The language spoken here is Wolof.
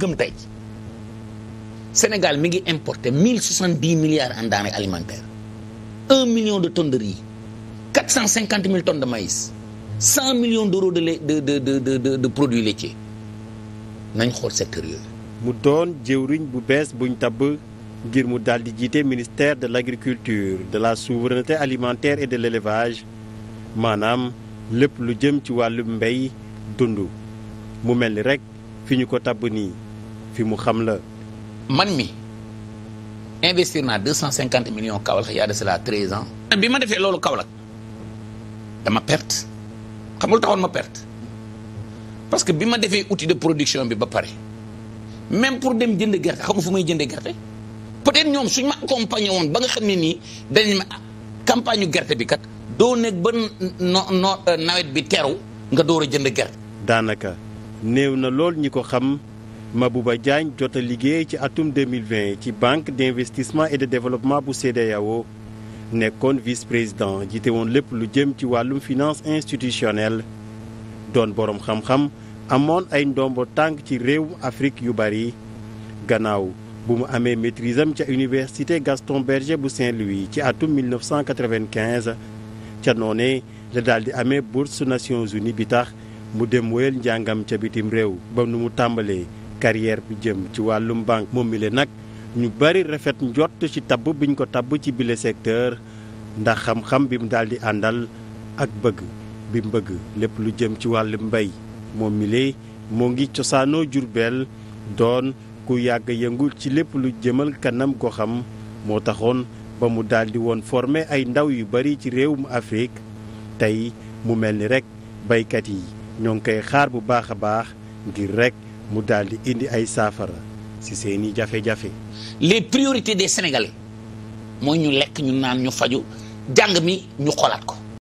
gëm tey Sénégal mi ngi importé mille soixante dix milliards en denrées alimentaires un million de tonnes de riz cent cinquante mille tonnes de maïs cent millions de de de de de de, de produits laitiers nañ xool secteur mu doon jëwriñ bu bees buñ tabb ngir mu daal di jiite ministère de l'agriculture de la souveraineté alimentaire et de l'élevage maanaam lépp lu jëm ci wàllu mbey dund mu mel ni rek fi ñu ko tabb nii. fi mu xam la. man mi investir naa deux cent cinquante millions Kaolack y a de cela treize ans. bi ma defee loolu Kaolack dama perte xamul taxoon ma perte parce que bi ma defee outil de production bi ba pare même pour dem jënd gerte xamu fu may jëndee gerte peut-être ñoom suñ ma accompagné woon ba nga xam ne nii dañ ma campagne gerte bi kat doo nekk ba no no euh, nawet bi teru nga door a jënd gerte. daanaka néew na lool ñi ko xam. Mabouba Diagne jot a liggéey ci atum 2020 ci banque d'investissement et de développement bu CEDEAO nekkoon vice-président jiite woon lépp lu jëm ci wàllum finance institutionnelle doon boroom xam-xam amoon ay ndombo tànk ci réewum Afrique yu bari gannaaw bu mu amee maîtrise ca université Gaston Berger bu Saint-Louis ci atum 1995 ca noonee la daal di amee bourse Nations Unies bi tax mu dem wéyal njàngam ca bitim réew ba nu mu tàmbalee carrière bu jëm ci wàllum banque moom mi nag ñu bari rafet njott ci tabb biñ ko tabb ci bile secteur ndax xam-xam bi mu daal di àndal ak bëgg bi mu bëgg lépp lu jëm ci wàllum mbay moom mi moo ngi cosaanoo jur Jurbel doon ku yàgg yëngul ci lépp lu jëmal kanam ko xam moo taxoon ba mu daldi woon formé ay ndaw yu bari ci réew réewum Afrique tey mu mel ni rek baykat yi ñoo ngi koy xaar bu baax a baax ngir rekk mu daal di indi ay saafara si seeni jafe-jafe. les priorités des sénégalais mooy ñu lekk ñu naan ñu faju jàng mi ñu xoolaat ko.